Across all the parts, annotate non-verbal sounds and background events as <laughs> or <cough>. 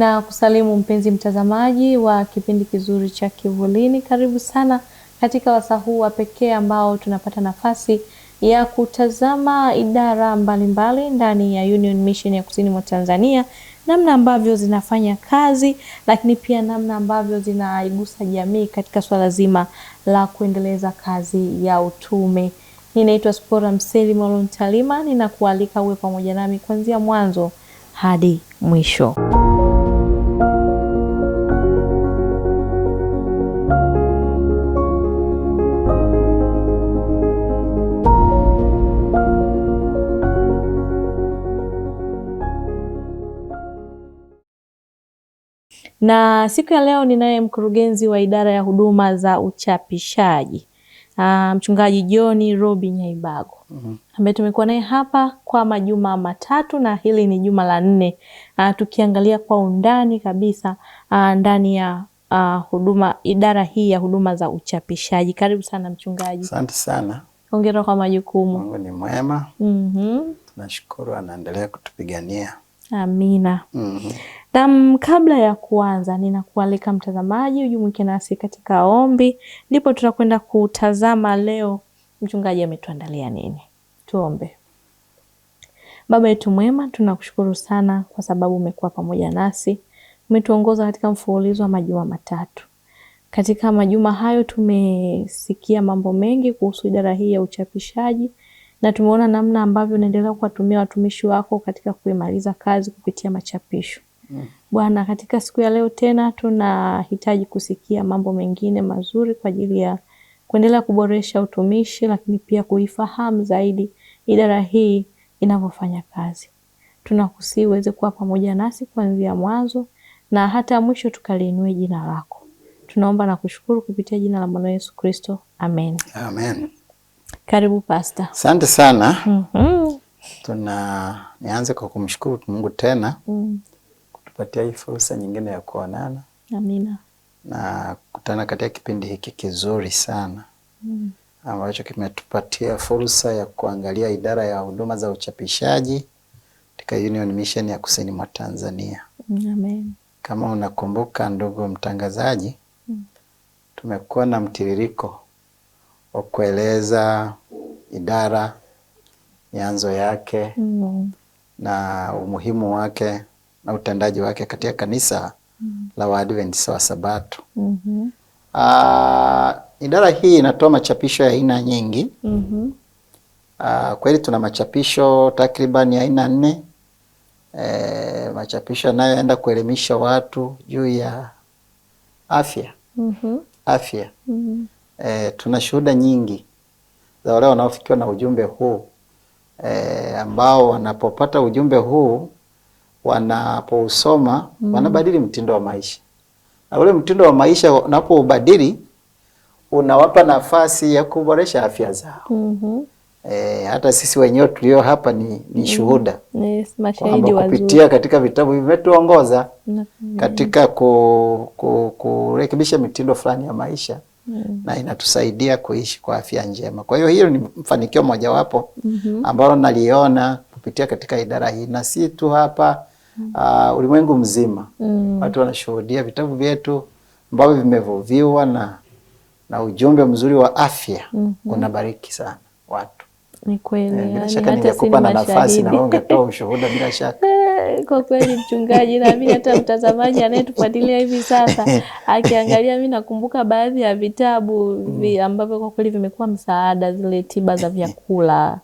Nina kusalimu mpenzi mtazamaji wa kipindi kizuri cha Kivulini. Karibu sana katika wasaa huu wa pekee ambao tunapata nafasi ya kutazama idara mbalimbali mbali ndani ya Union Mission ya Kusini mwa Tanzania, namna ambavyo zinafanya kazi, lakini pia namna ambavyo zinaigusa jamii katika swala zima la kuendeleza kazi ya utume. Ninaitwa Spora Mseli Molontalima, ninakualika uwe pamoja nami kuanzia mwanzo hadi mwisho. Na siku ya leo ninaye mkurugenzi wa idara ya huduma za uchapishaji uh, Mchungaji John Robi Nyaibago mm -hmm. ambaye tumekuwa naye hapa kwa majuma matatu na hili ni juma la nne uh, tukiangalia kwa undani kabisa uh, ndani ya uh, huduma idara hii ya huduma za uchapishaji. Karibu sana mchungaji. Asante sana. Hongera kwa majukumu. Mungu ni mwema. mm -hmm. Tunashukuru anaendelea kutupigania. Amina. mm -hmm. Naam, kabla ya kuanza, ninakualika mtazamaji ujumuike nasi katika ombi, ndipo tutakwenda kutazama leo mchungaji ametuandalia nini. Tuombe. Baba yetu mwema, tunakushukuru sana kwa sababu umekuwa pamoja nasi, umetuongoza katika mfululizo wa majuma matatu. Katika majuma hayo tumesikia mambo mengi kuhusu idara hii ya uchapishaji na tumeona namna ambavyo unaendelea kuwatumia watumishi wako katika kuimaliza kazi kupitia machapisho. Bwana, katika siku ya leo tena tunahitaji kusikia mambo mengine mazuri kwa ajili ya kuendelea kuboresha utumishi, lakini pia kuifahamu zaidi idara hii inavyofanya kazi. Tunakusii uweze kuwa pamoja nasi kuanzia mwanzo na hata mwisho, tukaliinue jina lako. Tunaomba na kushukuru kupitia jina la mwana Yesu Kristo, amen, amen. Karibu Pasta. Asante sana. mm -hmm. Tuna nianze kwa kumshukuru Mungu tena mm kutupatia hii fursa nyingine ya kuonana. Amina. Na kutana katika kipindi hiki kizuri sana mm, ambacho kimetupatia fursa ya kuangalia idara ya huduma za uchapishaji katika Union Mission ya Kusini mwa Tanzania. Amen. Kama unakumbuka ndugu mtangazaji, mm, tumekuwa na mtiririko wa kueleza idara, mianzo yake mm, na umuhimu wake na utendaji wake katika kanisa mm -hmm. la Waadventista wa Sabato mm -hmm. Uh, idara hii inatoa machapisho ya aina nyingi mm -hmm. Uh, kweli tuna machapisho takribani aina nne e, machapisho yanayoenda kuelimisha watu juu ya afya mm -hmm. afya mm -hmm. E, tuna shuhuda nyingi za wale wanaofikiwa na ujumbe huu e, ambao wanapopata ujumbe huu wanapousoma mm. wanabadili mtindo wa maisha, na ule mtindo wa maisha unapoubadili unawapa nafasi ya kuboresha afya zao mm -hmm. E, hata sisi wenyewe tulio hapa ni, ni mm-hmm. shuhuda mm. yes, wazuri kupitia katika vitabu vimetuongoza mm -hmm. katika ku, ku, kurekebisha mitindo fulani ya maisha mm. na inatusaidia kuishi kwa afya njema. Kwa hiyo hiyo ni mfanikio mojawapo mm -hmm. ambalo naliona kupitia katika idara hii na si tu hapa uh, ulimwengu mzima mm. Watu wanashuhudia vitabu vyetu ambavyo vimevuviwa na na ujumbe mzuri wa afya mm -hmm. Unabariki sana watu. Ni kweli, eh, bila shaka ningekupa na nafasi na ungetoa <laughs> ushuhuda bila shaka eh, kwa kweli mchungaji, mimi hata mtazamaji anayetufuatilia hivi sasa <laughs> akiangalia, mi nakumbuka baadhi ya vitabu mm. ambavyo kwa kweli vimekuwa msaada, zile tiba za vyakula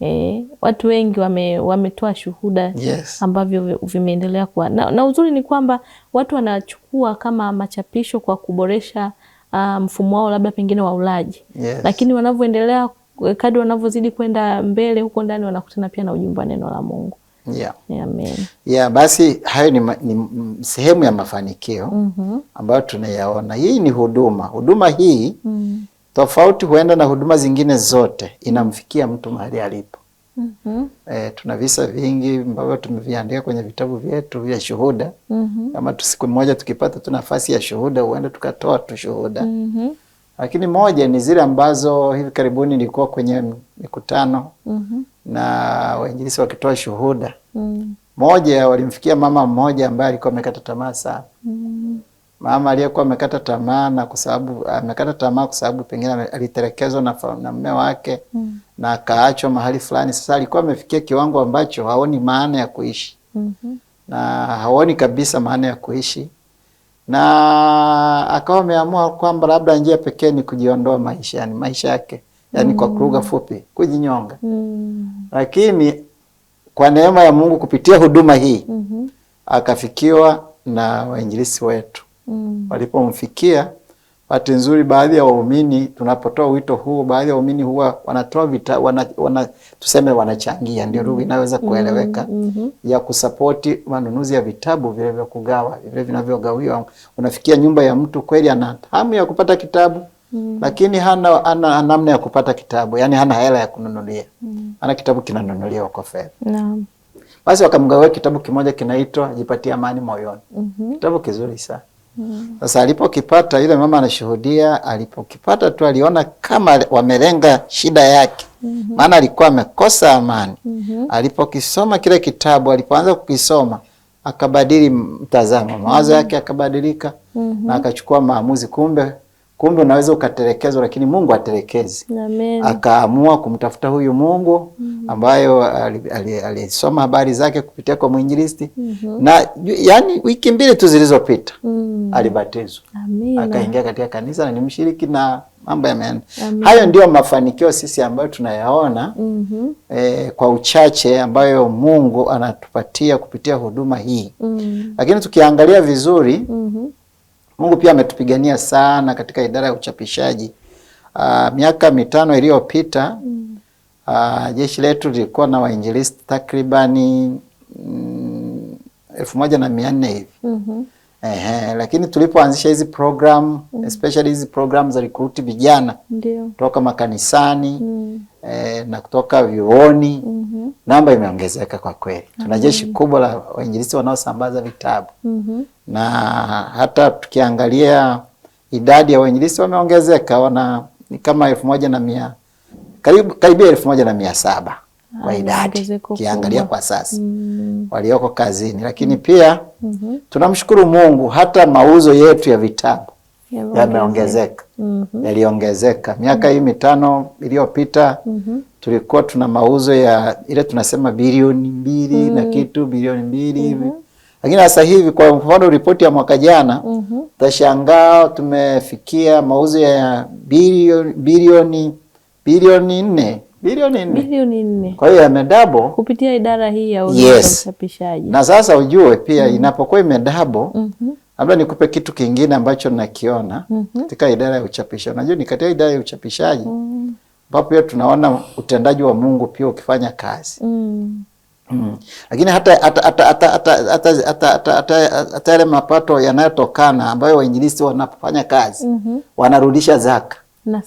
E, watu wengi wame, wametoa shuhuda yes, ambavyo vimeendelea kuwa na, na uzuri ni kwamba watu wanachukua kama machapisho kwa kuboresha ah, mfumo wao labda pengine wa ulaji yes, lakini wanavyoendelea eh, kadri wanavyozidi kwenda mbele huko ndani wanakutana pia na ujumbe wa neno la Mungu. Yeah. Amen. Yeah, basi hayo ni, ni sehemu ya mafanikio mm -hmm. ambayo tunayaona. Hii ni huduma huduma hii mm -hmm tofauti huenda na huduma zingine zote inamfikia mtu mahali alipo. mm -hmm. E, tuna visa vingi ambavyo tumeviandika kwenye vitabu vyetu vya shuhuda. mm -hmm. Kama siku moja tukipata tu nafasi ya shuhuda, huenda tukatoa tu shuhuda. mm -hmm. Lakini moja ni zile ambazo hivi karibuni nilikuwa kwenye mikutano mm -hmm. na wainjilisi wakitoa shuhuda. mm -hmm. Moja walimfikia mama mmoja ambaye alikuwa amekata tamaa sana. mm -hmm mama aliyekuwa amekata tamaa na kwa sababu amekata tamaa kwa sababu pengine alitelekezwa na, na mume wake mm. na akaachwa mahali fulani. Sasa alikuwa amefikia kiwango ambacho haoni maana ya kuishi mm -hmm. na haoni kabisa maana ya kuishi, na akawa ameamua kwamba labda njia pekee ni kujiondoa maisha, yani maisha yake yani mm. kwa kuruga fupi kujinyonga mm. lakini kwa neema ya Mungu kupitia huduma hii mm -hmm. akafikiwa na wainjilisi wetu mm. walipomfikia. Bahati nzuri, baadhi ya waumini tunapotoa wito huo, baadhi ya waumini huwa wanatoa vita, wana, wana, tuseme wanachangia, ndio lugha inaweza mm. kueleweka mm -hmm. ya kusapoti manunuzi ya vitabu vile vya kugawa vile vinavyogawiwa. Unafikia nyumba ya mtu kweli, ana hamu ya kupata kitabu Mm. Lakini hana, ana namna ya kupata kitabu, yani hana hela ya kununulia mm. Ana kitabu kinanunuliwa kwa fedha naam. Basi wakamgawia kitabu kimoja kinaitwa Jipatie Amani Moyoni mm -hmm. Kitabu kizuri sana sasa alipokipata yule mama anashuhudia, alipokipata tu aliona kama wamelenga shida yake, mhm. maana alikuwa amekosa amani. Mhm. Alipokisoma kile kitabu, alipoanza kukisoma akabadili mtazamo, mawazo mhm. yake akabadilika na akachukua maamuzi, kumbe Kumbe unaweza ukatelekezwa, lakini Mungu atelekezi. Amen. Akaamua kumtafuta huyu Mungu mm-hmm. ambayo alisoma habari zake kupitia kwa mwinjilisti mm -hmm. na yani, wiki mbili tu zilizopita mm. alibatizwa akaingia katika kanisa na ni mshiriki na mambo yameenda. Hayo ndio mafanikio sisi ambayo tunayaona mm -hmm. eh, kwa uchache ambayo Mungu anatupatia kupitia huduma hii mm. lakini tukiangalia vizuri mm -hmm. Mungu pia ametupigania sana katika idara ya uchapishaji. Uh, miaka mitano iliyopita mm. uh, jeshi letu lilikuwa na wainjilisti takribani mm, elfu moja na mia nne hivi mm -hmm. Ehe, lakini tulipoanzisha hizi program mm. especially hizi program za recruit vijana kutoka makanisani mm. eh, na kutoka vyuoni mm namba imeongezeka kwa kweli. Tuna jeshi kubwa la wainjilisti wanaosambaza vitabu mm -hmm. na hata tukiangalia idadi ya wainjilisti wameongezeka, wana ni kama elfu moja na mia karibu karibia elfu moja na mia saba kwa ah, idadi kiangalia kwa sasa mm. walioko kazini, lakini pia mm -hmm. tunamshukuru Mungu hata mauzo yetu ya vitabu yameongezeka mhm. yaliongezeka. mm -hmm. miaka mm -hmm. hii mitano iliyopita mm -hmm. tulikuwa tuna mauzo ya ile tunasema bilioni mbili mm -hmm. na kitu bilioni mbili hivi -hmm. Lakini sasa hivi kwa mfano ripoti ya mwaka jana mm -hmm. tashangaa tumefikia mauzo ya bilioni bilioni bilioni nne bilioni nne. Kwa hiyo yamedabo kupitia idara hii ya uchapishaji Na sasa ujue pia mm -hmm. inapokuwa imedabo mm -hmm. Labda nikupe kitu kingine ambacho nakiona mm -hmm. katika idara ya uchapishaji. Unajua ni katika idara ya uchapishaji mm. ambapo mm. pia tunaona utendaji wa Mungu pia ukifanya kazi mm. Mm. Lakini hata hata yale mapato yanayotokana ambayo wainjilisti wanapofanya kazi mm -hmm. wanarudisha zaka na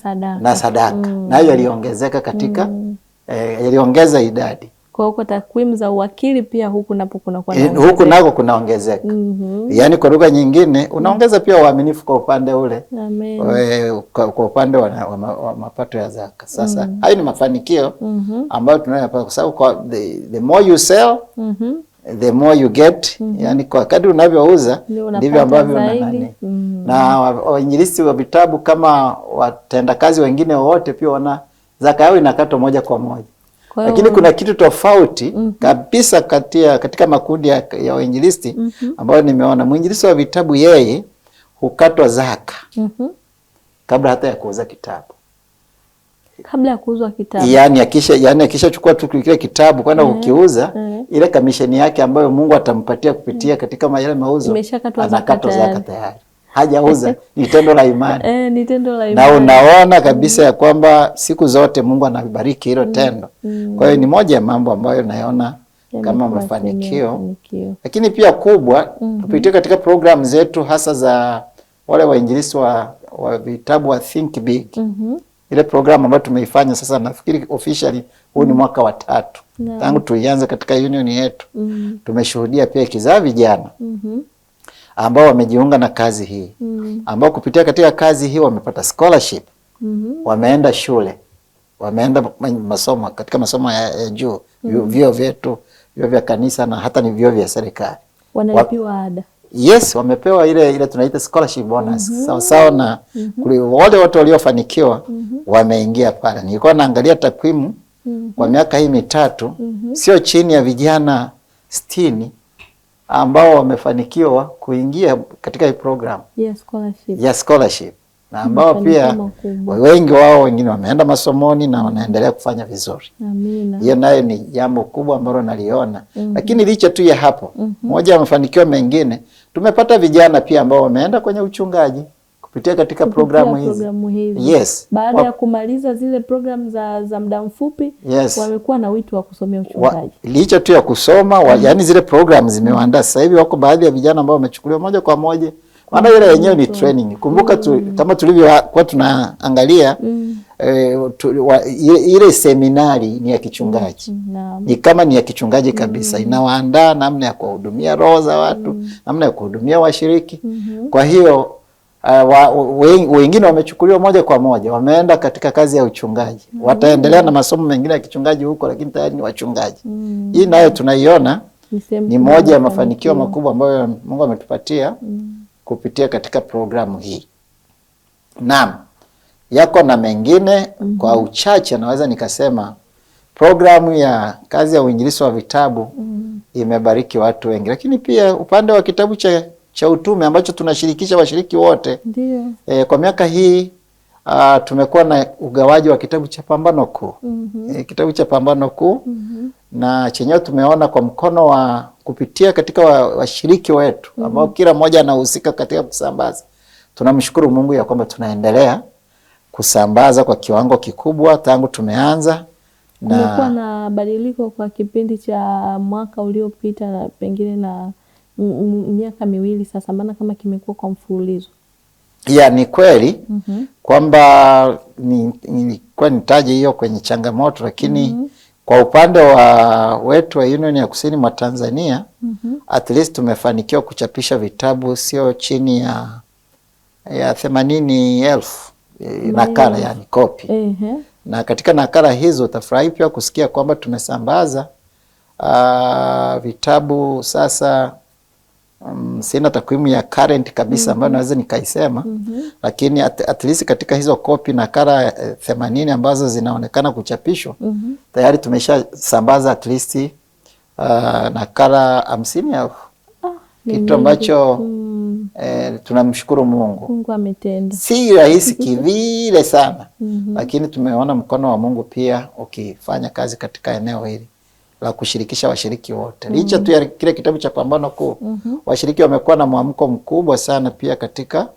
sadaka na mm. hiyo mm. yaliongezeka katika mm. eh, yaliongeza idadi kwa huko takwimu za uwakili pia huku napo eh, nako kunakuwa e, huku nako kunaongezeka mm -hmm. Yaani kwa lugha nyingine unaongeza pia uaminifu kwa upande ule Amen. We, eh, Kwa kwa upande wa, wa, wa, wa mapato ya zaka sasa mm -hmm. hayo ni mafanikio mm -hmm. ambayo tunayopata kwa sababu the, the more you sell mm -hmm the more you get mm -hmm. Yani, kwa kadri unavyouza ndivyo ambavyo unanani mm -hmm. na wainjilisti wa vitabu kama watendakazi wengine wote pia wana zaka yao inakatwa moja kwa moja lakini kuna kitu tofauti mm -hmm. kabisa katia, katika makundi ya, ya wainjilisti mm -hmm. ambayo nimeona mwinjilisti wa vitabu yeye hukatwa zaka mm -hmm. kabla hata ya kuuza kitabu kabla ya kuuzwa kitabu, yaani akisha yaani chukua tu kile kitabu kwenda mm-hmm. kukiuza mm -hmm. ile kamisheni yake ambayo Mungu atampatia kupitia mm-hmm. katika majira mauzo anakatwa zaka tayari hajauza ni tendo la imani e, ni tendo la imani, na unaona mm. kabisa mm. ya kwamba siku zote Mungu anabariki hilo mm. tendo mm. kwa hiyo ni moja ya mambo ambayo naona kama mafanikio, lakini pia kubwa mm -hmm. katika programu zetu hasa za wale wainjilisti wa, wa vitabu wa Think Big mm -hmm. ile programu ambayo tumeifanya sasa, nafikiri officially huu ni mm. mwaka wa tatu tangu tuianze katika union yetu mm -hmm. tumeshuhudia pia kizaa vijana mm -hmm ambao wamejiunga na kazi hii mm. ambao kupitia katika kazi hii wamepata scholarship mm -hmm. wameenda shule, wameenda masomo katika masomo ya, ya juu mm -hmm. vyuo vyetu, vyuo vya kanisa na hata ni vyuo vya serikali, wanalipiwa ada. Yes, wamepewa ile ile tunaita scholarship bonus mm -hmm. sawa sawa na mm -hmm. wale watu waliofanikiwa mm -hmm. wameingia pale. Nilikuwa naangalia takwimu mm -hmm. kwa mm-hmm. miaka hii mitatu mm -hmm. sio chini ya vijana sitini ambao wamefanikiwa kuingia katika hii program ya scholarship, na ambao pia wengi wao wengine wameenda masomoni na wanaendelea kufanya vizuri. Amina. Hiyo nayo ni jambo kubwa ambalo naliona. mm -hmm. Lakini licha tu ya hapo, mm -hmm. moja ya mafanikio mengine tumepata vijana pia ambao wameenda kwenye uchungaji kupitia katika programu hizi, programu hizi. Yes. Baada Wap... ya kumaliza zile programu za, za muda mfupi yes. Wamekuwa na wito wa kusomea uchungaji wa... licha tu ya kusoma wa, mm. Yani zile programu zimewaandaa mm. Sasa hivi wako baadhi ya vijana ambao wamechukuliwa moja kwa moja maana ile mm, yenyewe ni training. Kumbuka tu, mm. kama tulivyokuwa tunaangalia mm. e, tu, wa, ile, ile seminari ni ya kichungaji mm. ni kama ni ya kichungaji kabisa mm. inawaandaa namna ya kuwahudumia roho za watu mm. namna ya kuhudumia washiriki mm -hmm. kwa hiyo Uh, wa, wengine wamechukuliwa moja kwa moja wameenda katika kazi ya uchungaji mm. Wataendelea na masomo mengine ya kichungaji huko, lakini tayari ni wachungaji mm. Hii nayo tunaiona ni moja ya mafanikio makubwa ambayo Mungu ametupatia mm. kupitia katika programu hii. Naam, yako na mengine mm -hmm. Kwa uchache naweza nikasema programu ya kazi ya uinjilisti wa vitabu mm. imebariki watu wengi, lakini pia upande wa kitabu cha cha utume ambacho tunashirikisha washiriki wote. E, kwa miaka hii uh, tumekuwa na ugawaji wa kitabu cha Pambano Kuu. mm -hmm. E, kitabu cha Pambano Kuu mm -hmm. na chenyewe tumeona kwa mkono wa kupitia katika washiriki wa wetu mm -hmm. ambao kila mmoja anahusika katika kusambaza. Tunamshukuru Mungu ya kwamba tunaendelea kusambaza kwa kiwango kikubwa tangu tumeanza na kumekuwa na badiliko kwa kipindi cha mwaka uliopita na pengine na miaka miwili sasa, maana kama kimekuwa kwa mfululizo. Ya ni kweli mm -hmm. kwamba nilikuwa ni, nitaje hiyo kwenye changamoto lakini mm -hmm. kwa upande wa wetu wa Union ya Kusini mwa Tanzania mm -hmm. at least tumefanikiwa kuchapisha vitabu sio chini ya ya themanini elfu e, nakala yani kopi mm -hmm. na katika nakala hizo utafurahi pia kusikia kwamba tumesambaza uh, vitabu sasa Um, sina takwimu ya current kabisa ambayo mm -hmm. naweza nikaisema mm -hmm. lakini at, at least katika hizo kopi na kara eh, themanini ambazo zinaonekana kuchapishwa mm -hmm. tayari tumeshasambaza at least uh, kara hamsini au ah, kitu ambacho mm -hmm. eh, tunamshukuru Mungu. Mungu ametenda, si rahisi kivile sana mm -hmm. lakini tumeona mkono wa Mungu pia ukifanya kazi katika eneo hili la kushirikisha washiriki wote mm -hmm. Licha tu ya kile kitabu cha Pambano Kuu mm -hmm. washiriki wamekuwa na mwamko mkubwa sana pia katika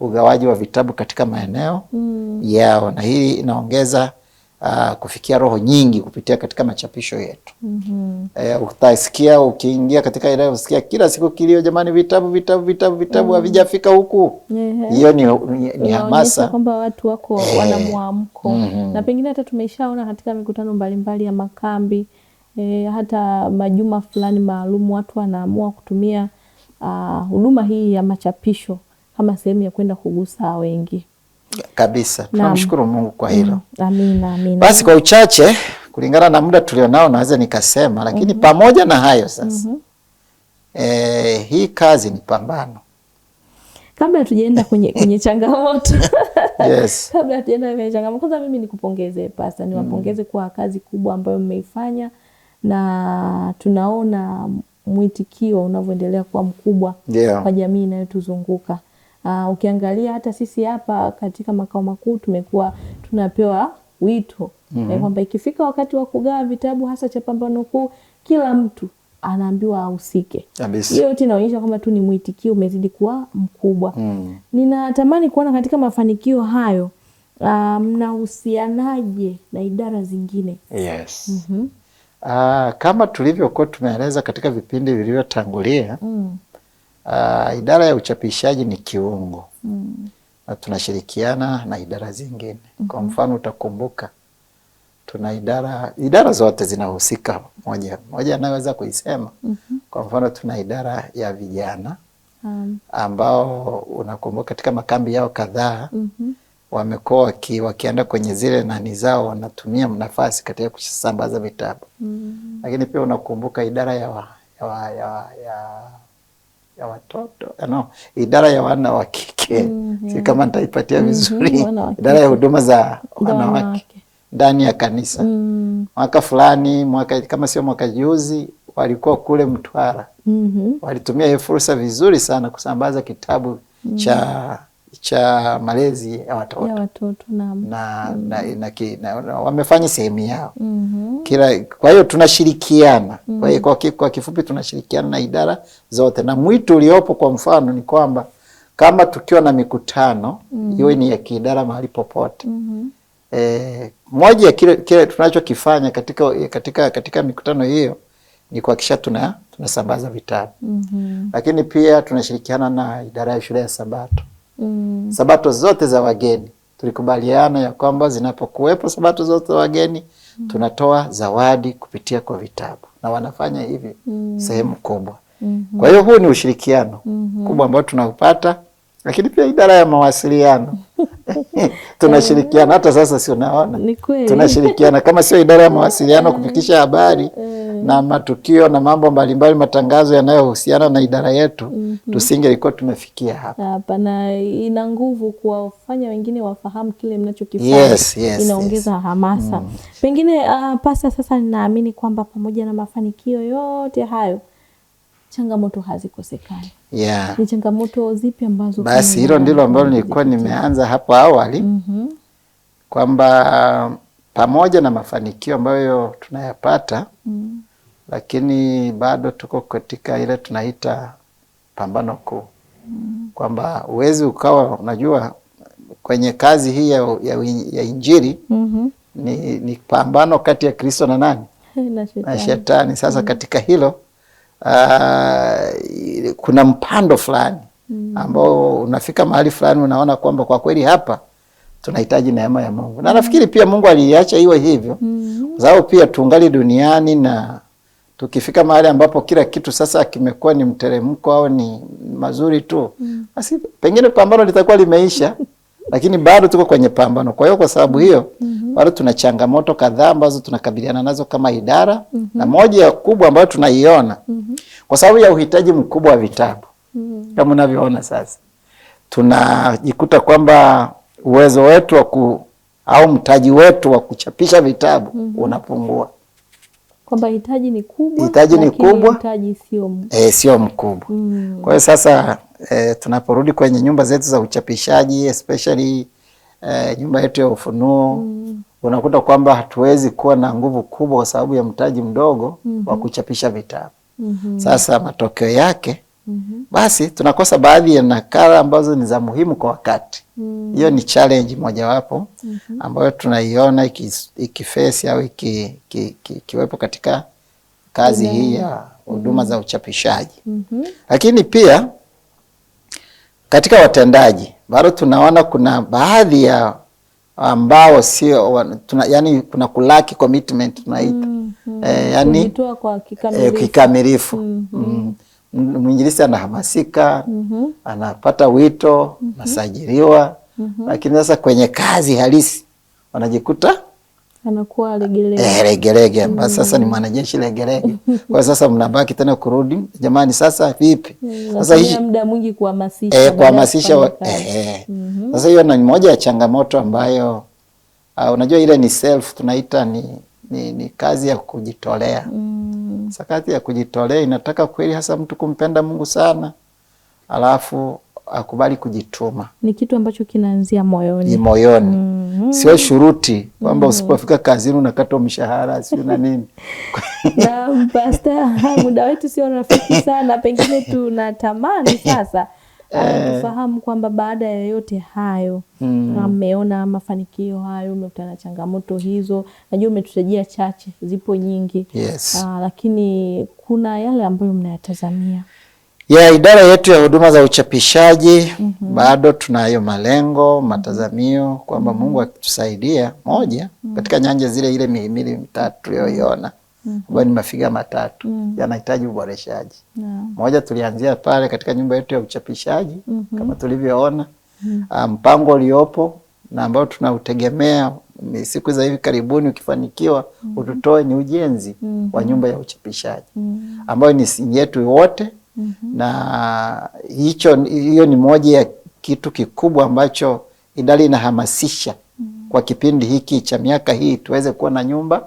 ugawaji wa vitabu katika maeneo mm -hmm. yao, na hii inaongeza uh, kufikia roho nyingi kupitia katika machapisho yetu mm -hmm. Eh, utasikia ukiingia katika ile usikia kila siku kilio, jamani, vitabu vitabu vitabu vitabu mm. havijafika mm -hmm. huku hiyo yeah. Ni, ni hamasa kwamba watu wako eh, wana mwamko mm -hmm. na pengine hata tumeshaona katika mikutano mbalimbali ya makambi e, hata majuma fulani maalum watu wanaamua kutumia huduma uh, hii ya machapisho kama sehemu ya kwenda kugusa wengi kabisa. Tunamshukuru Mungu kwa hilo mm. Amina, amina. Basi kwa uchache kulingana na muda tulionao naweza nikasema, lakini mm -hmm. pamoja na hayo sasa mm -hmm. E, hii kazi ni pambano kabla tujaenda kwenye, kwenye <laughs> changamoto yes. Kabla tujaenda kwenye changamoto, kwanza mimi nikupongeze Pasta, mm. niwapongeze mm. kwa kazi kubwa ambayo mmeifanya na tunaona mwitikio unavyoendelea kuwa mkubwa yeah. kwa jamii inayotuzunguka. Uh, ukiangalia hata sisi hapa katika makao makuu tumekuwa tunapewa wito mm -hmm. kwamba ikifika wakati wa kugawa vitabu hasa cha Pambano Kuu, kila mtu anaambiwa ahusike. Hiyo yote inaonyesha kwamba tu ni mwitikio umezidi kuwa mkubwa mm. Ninatamani kuona katika mafanikio hayo ah, mnahusianaje um, na idara zingine? Yes. mm -hmm. Uh, kama tulivyokuwa tumeeleza katika vipindi vilivyotangulia mm. uh, idara ya uchapishaji ni kiungo mm. na tunashirikiana na idara zingine mm -hmm. Kwa mm-hmm. mfano utakumbuka tuna idara idara zote zinahusika, moja moja anaweza kuisema mm -hmm. Kwa mfano tuna idara ya vijana um. ambao unakumbuka katika makambi yao kadhaa mm -hmm wamekuwa waki, wakienda kwenye zile nani zao wanatumia nafasi katika kusambaza vitabu mm. Lakini pia unakumbuka idara ya, wa, ya, wa, ya, wa, ya, ya watoto eh, no, idara ya wana wa kike mm, mm-hmm. yeah. Si kama nitaipatia mm-hmm. vizuri mm -hmm, idara ya huduma za wanawake ndani ya kanisa mm. Mwaka fulani mwaka kama sio mwaka juzi walikuwa kule Mtwara mm -hmm. Walitumia hiyo fursa vizuri sana kusambaza kitabu mm. cha cha malezi ya watoto ya watoto na, na, mm. na, na, na, na wamefanya sehemu yao mm -hmm. Kila, kwa hiyo tunashirikiana mm -hmm. Kwa hiyo mm-hmm. kwa kifupi tunashirikiana na idara zote, na mwito uliopo kwa mfano ni kwamba kama tukiwa na mikutano mm -hmm. iwe ni ya kiidara mahali popote mm -hmm. E, moja ya kile, kile tunachokifanya katika, katika, katika mikutano hiyo ni kuhakikisha tuna tunasambaza vitabu mm -hmm. Lakini pia tunashirikiana na idara ya shule ya Sabato mm. Sabato zote za wageni tulikubaliana ya kwamba zinapokuwepo sabato zote za wageni mm. tunatoa zawadi kupitia kwa vitabu na wanafanya hivyo mm. sehemu kubwa mm -hmm. Kwa hiyo huu ni ushirikiano mm -hmm. kubwa ambao tunaupata lakini pia idara ya mawasiliano <laughs> tunashirikiana hata sasa, si unaona tunashirikiana, kama sio idara ya mawasiliano eh. kufikisha habari eh. na matukio na mambo mbalimbali, matangazo yanayohusiana na idara yetu mm -hmm. tusingelikuwa tumefikia hapa hapa, na ina nguvu kuwafanya wengine wafahamu kile mnachokifanya. yes, yes, inaongeza yes. hamasa mm. Pengine uh, ah, pasa sasa, ninaamini kwamba pamoja na mafanikio yote hayo changamoto hazikosekani yeah. Ni changamoto zipi ambazo basi, hilo ndilo ambalo nilikuwa nimeanza hapo awali mm -hmm. kwamba pamoja na mafanikio ambayo tunayapata mm. lakini bado tuko katika ile tunaita pambano kuu mm. kwamba uwezi ukawa unajua kwenye kazi hii ya, ya, ya Injili mm -hmm. ni, ni pambano kati ya Kristo na nani <laughs> na shetani, na shetani. Sasa mm -hmm. katika hilo uh, kuna mpando fulani mm. ambao unafika mahali fulani unaona kwamba kwa kweli hapa tunahitaji neema ya Mungu na nafikiri pia Mungu aliiacha iwe hivyo mm. sababu pia tungali duniani na tukifika mahali ambapo kila kitu sasa kimekuwa ni mteremko au ni mazuri tu, mm. basi pengine pambano litakuwa limeisha. <laughs> lakini bado tuko kwenye pambano. Kwa hiyo kwa sababu hiyo mm -hmm. bado tuna changamoto kadhaa ambazo tunakabiliana nazo kama idara mm -hmm. na moja ya kubwa ambayo tunaiona mm -hmm. kwa sababu ya uhitaji mkubwa wa vitabu mm -hmm. kama unavyoona sasa, tunajikuta kwamba uwezo wetu wa ku au mtaji wetu wa kuchapisha vitabu mm -hmm. unapungua kwamba hitaji ni kubwa, hitaji ni kubwa, hitaji sio eh, sio mkubwa mm. Kwa hiyo sasa e, tunaporudi kwenye nyumba zetu za uchapishaji especially e, nyumba yetu ya Ufunuo mm. unakuta kwamba hatuwezi kuwa na nguvu kubwa kwa sababu ya mtaji mdogo mm -hmm. wa mm-hmm. kuchapisha vitabu mm -hmm. Sasa matokeo yake -hmm. basi tunakosa baadhi ya nakala ambazo ni za muhimu kwa wakati mm-hmm. hiyo. mm -hmm. ni challenge mojawapo mm -hmm. ambayo tunaiona ikifesi iki au iki, iki, iki, ikiwepo katika kazi mm -hmm. hii ya huduma mm -hmm. za mm-hmm. uchapishaji mm -hmm. lakini pia katika watendaji bado tunaona kuna baadhi ya ambao sio tuna, yani kuna kulaki commitment tunaita mm -hmm. eh, yani, kwa kikamilifu, eh, kikamilifu. Mm-hmm. Mm -hmm. Mm -hmm mwingilisi anahamasika, mm -hmm. anapata wito mm -hmm. mm -hmm. lakini sasa kwenye kazi halisi wanajikuta anakuwa legelege eh, legelege mm. Sasa ni mwanajeshi legelege kwa sasa mnabaki tena kurudi, jamani, sasa vipi? Mm, sasa hii muda mwingi kuhamasisha eh, kuhamasisha eh, mm -hmm. Sasa hiyo ni moja ya changamoto ambayo uh, unajua ile ni self tunaita ni, ni, ni kazi ya kujitolea mm. Sakati ya kujitolea inataka kweli hasa mtu kumpenda Mungu sana, alafu akubali kujituma. Ni kitu ambacho kinaanzia moyoni, moyoni. Mm -hmm. Sio shuruti kwamba mm usipofika kazini unakata mshahara sio na nini. <laughs> Na Pasta, muda wetu sio rafiki sana, pengine tunatamani sasa Fahamu kwamba baada ya yote hayo hmm. mmeona mm. mafanikio hayo, umekutana na changamoto hizo, najua umetutajia chache, zipo nyingi yes. Aa, ah, lakini kuna yale ambayo mnayatazamia ya yeah, idara yetu ya huduma za uchapishaji mm -hmm. bado tunayo malengo matazamio kwamba mhm. Mungu akitusaidia moja mm -hmm. katika nyanja zile ile mihimili mitatu tuliyoiona mm -hmm. ni mafiga matatu mm -hmm. yanahitaji uboreshaji yeah. Moja, tulianzia pale katika nyumba yetu ya uchapishaji mm -hmm. kama tulivyoona mm -hmm. mpango uliopo na ambao tunautegemea siku za hivi karibuni ukifanikiwa, mm -hmm. ututoe ni ujenzi mm -hmm. wa mm-hmm. nyumba ya uchapishaji mm -hmm. ambayo ni yetu wote mm -hmm. na hicho, hiyo ni moja ya kitu kikubwa ambacho idara inahamasisha mm -hmm. kwa kipindi hiki cha miaka hii tuweze kuwa na nyumba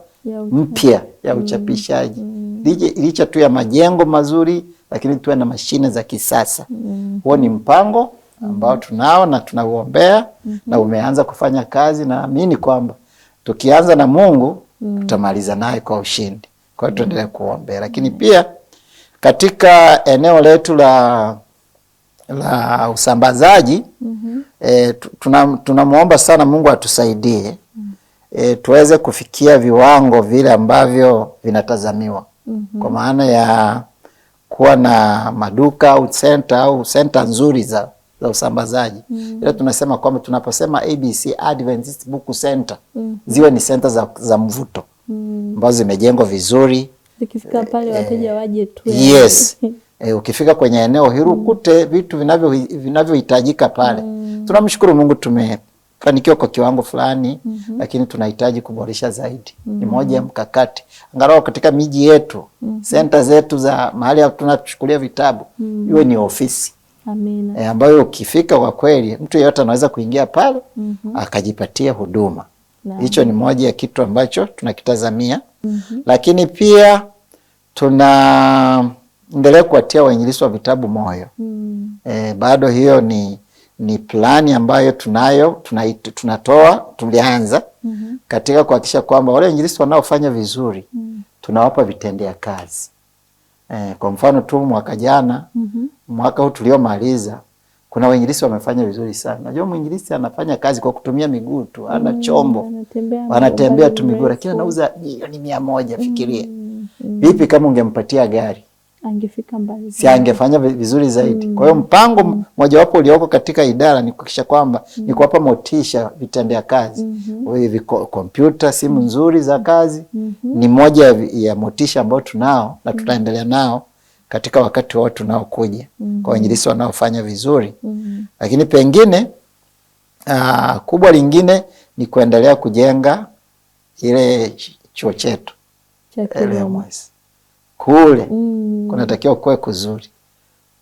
mpya ya mm, uchapishaji mm. licha tu ya majengo mazuri, lakini tuwe na mashine za kisasa mm. huo ni mpango ambao mm. tunao na tunauombea mm -hmm. na umeanza kufanya kazi, naamini kwamba tukianza na Mungu mm. tutamaliza naye kwa ushindi. Kwa hiyo tuendelee mm. kuombea, lakini pia katika eneo letu la la usambazaji mm -hmm. e, eh, tunamwomba tuna sana Mungu atusaidie mm -hmm e, tuweze kufikia viwango vile ambavyo vinatazamiwa mm -hmm. kwa maana ya kuwa na maduka au senta au senta nzuri za, za usambazaji mm. ila tunasema kwamba tunaposema ABC Adventist Book Center mm. ziwe ni senta za, za mvuto mhm. ambazo mm. zimejengwa vizuri, zikifika pale e, wateja waje tu. Yes <laughs> E, ukifika kwenye eneo hili mhm. ukute mm. vitu vinavyohitajika vinavyo pale mm. Tunamshukuru Mungu tume fanikiwa kwa kiwango fulani mm -hmm. Lakini tunahitaji kuboresha zaidi mm -hmm. Ni mhm. moja ya mkakati angalau katika miji yetu mm -hmm. Senta zetu za mahali tunachukulia vitabu mm -hmm. ni ofisi Amina. E, ambayo ukifika kwa kweli mtu yeyote anaweza kuingia pale mm -hmm. Akajipatia huduma hicho ni moja ya kitu ambacho tunakitazamia mm -hmm. Lakini pia tunaendelea kuwatia wainjilisi wa vitabu moyo mm -hmm. E, bado hiyo ni ni plani ambayo tunayo tunatoa tulianza mm -hmm. katika kuhakikisha kwamba wale wainjilisti wanaofanya vizuri mm -hmm. tunawapa vitendea kazi e, kwa mfano tu mwaka jana mm -hmm. mwaka huu tuliomaliza kuna wainjilisti wamefanya vizuri sana. Najua mwinjilisti anafanya kazi kwa kutumia miguu tu, ana mm, chombo mm, wanatembea tu miguu, lakini anauza milioni mia moja. Fikiria vipi mm, mm. kama ungempatia gari angefika mbali, si angefanya vizuri zaidi mm. Kwa hiyo mpango mm. mojawapo ulioko katika idara ni kuhakikisha kwamba mm. ni kuwapa motisha vitendea kazi mm kompyuta simu mm. nzuri za kazi mm -hmm. ni moja ya motisha ambayo tunao na mm. tutaendelea nao katika wakati wao tunaokuja mm -hmm. kwa wainjilisi wanaofanya vizuri mm -hmm. Lakini pengine aa, ah, kubwa lingine ni kuendelea kujenga ile chuo chetu cha kilimo kule mm. kunatakiwa kuwe kuzuri,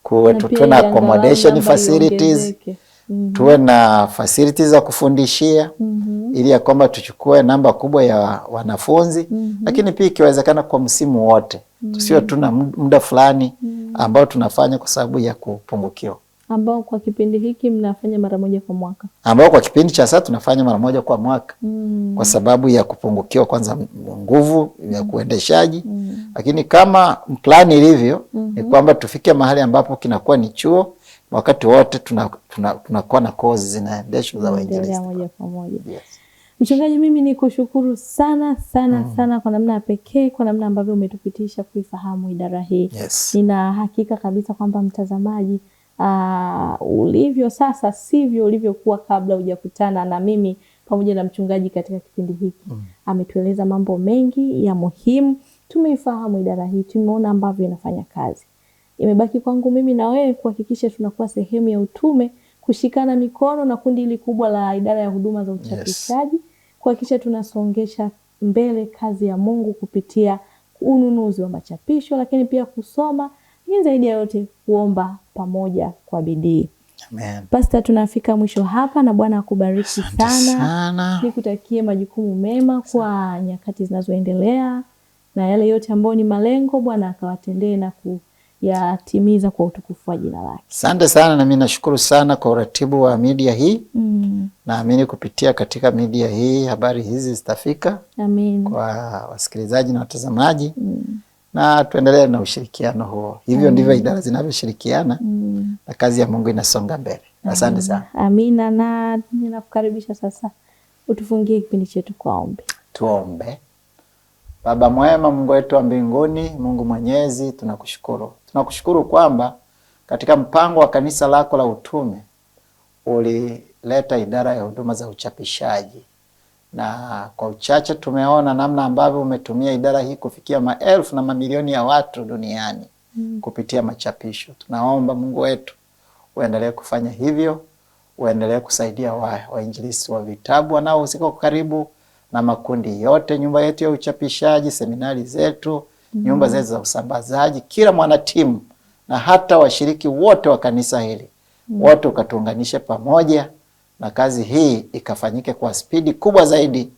kuwe tuwe na accommodation facilities mm -hmm. tuwe na facilities za kufundishia mm -hmm. ili ya kwamba tuchukue namba kubwa ya wanafunzi mm -hmm. lakini pia ikiwezekana kwa msimu wote mm -hmm. tusiwe tuna muda fulani mm-hmm. ambao tunafanya kwa sababu ya kupungukiwa ambao kwa kipindi hiki mnafanya mara moja kwa mwaka, ambao kwa kipindi cha sasa tunafanya mara moja kwa mwaka mm. kwa sababu ya kupungukiwa kwanza nguvu ya mm. kuendeshaji mm. lakini kama plani ilivyo mm -hmm. ni mm-hmm. kwamba tufike mahali ambapo kinakuwa ni chuo wakati wote tunakuwa tuna, tuna na kozi zinaendeshwa za waingereza moja kwa moja. Yes. Mchungaji, mimi ni kushukuru sana sana mm. sana kwa namna ya pekee, kwa namna ambavyo umetupitisha kuifahamu idara hii yes. Nina hakika kabisa kwamba mtazamaji uh, ulivyo sasa sivyo ulivyokuwa kabla hujakutana na mimi pamoja na mchungaji katika kipindi hiki mm. Ametueleza mambo mengi ya muhimu, tumeifahamu idara hii, tumeona ambavyo inafanya kazi. Imebaki kwangu mimi na wewe kuhakikisha tunakuwa sehemu ya utume, kushikana mikono na kundi hili kubwa la idara ya huduma za uchapishaji yes. Kuhakikisha tunasongesha mbele kazi ya Mungu kupitia ununuzi wa machapisho, lakini pia kusoma lakini zaidi ya yote kuomba pamoja kwa bidii. Pasta, tunafika mwisho hapa na Bwana akubariki sana, sana. Nikutakie majukumu mema kwa nyakati zinazoendelea na yale yote ambayo ni malengo, Bwana akawatendee na kuyatimiza kwa utukufu wa jina lake. Asante sana, nami nashukuru sana kwa uratibu wa media hii mm. Naamini kupitia katika media hii habari hizi zitafika kwa wasikilizaji na watazamaji mm na tuendelee na ushirikiano huo. Hivyo ndivyo idara zinavyoshirikiana mm. na kazi ya Mungu inasonga mbele. Asante sana. Amina, na ninakukaribisha sasa utufungie kipindi chetu kwa ombi. Tuombe. Baba mwema, Mungu wetu wa mbinguni, Mungu mwenyezi, tunakushukuru. Tunakushukuru kwamba katika mpango wa kanisa lako la utume ulileta idara ya huduma za uchapishaji na kwa uchache tumeona namna ambavyo umetumia idara hii kufikia maelfu na mamilioni ya watu duniani mm. kupitia machapisho. Tunaomba Mungu wetu uendelee kufanya hivyo, uendelee kusaidia wainjilisi wa, wa vitabu wanaohusika kwa karibu na makundi yote, nyumba yetu ya uchapishaji, seminari zetu mm. nyumba zetu za usambazaji, kila mwanatimu na hata washiriki wote wa kanisa hili mm. wote ukatuunganishe pamoja na kazi hii ikafanyike kwa spidi kubwa zaidi,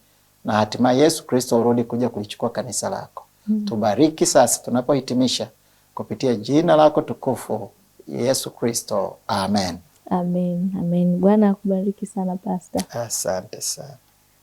na hatimaye Yesu Kristo urudi kuja kulichukua kanisa lako. Mm. Tubariki sasa tunapohitimisha kupitia jina lako tukufu Yesu Kristo, amen. Amen, amen. Bwana akubariki sana Pasta. Asante sana.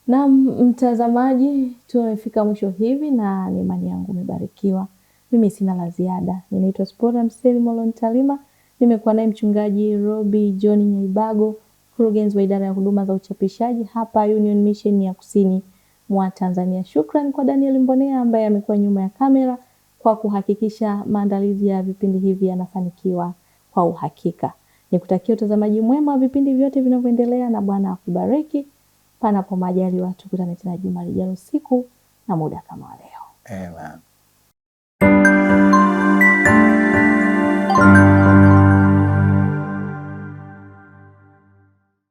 Na mtazamaji, tumefika mwisho hivi, na ni imani yangu umebarikiwa. Mimi sina la ziada. Ninaitwa Spora Mseli Talima. nimekuwa naye mchungaji Robi John Nyaibago mkurugenzi wa idara ya huduma za uchapishaji hapa Union Mission ya kusini mwa Tanzania. Shukran kwa Daniel Mbonea ambaye amekuwa nyuma ya kamera kwa kuhakikisha maandalizi ya vipindi hivi yanafanikiwa kwa uhakika. Nikutakia utazamaji mwema wa vipindi vyote vinavyoendelea, na Bwana akubariki. Panapo majaliwa, tukutane tena juma lijalo, siku na muda kama leo. Amen.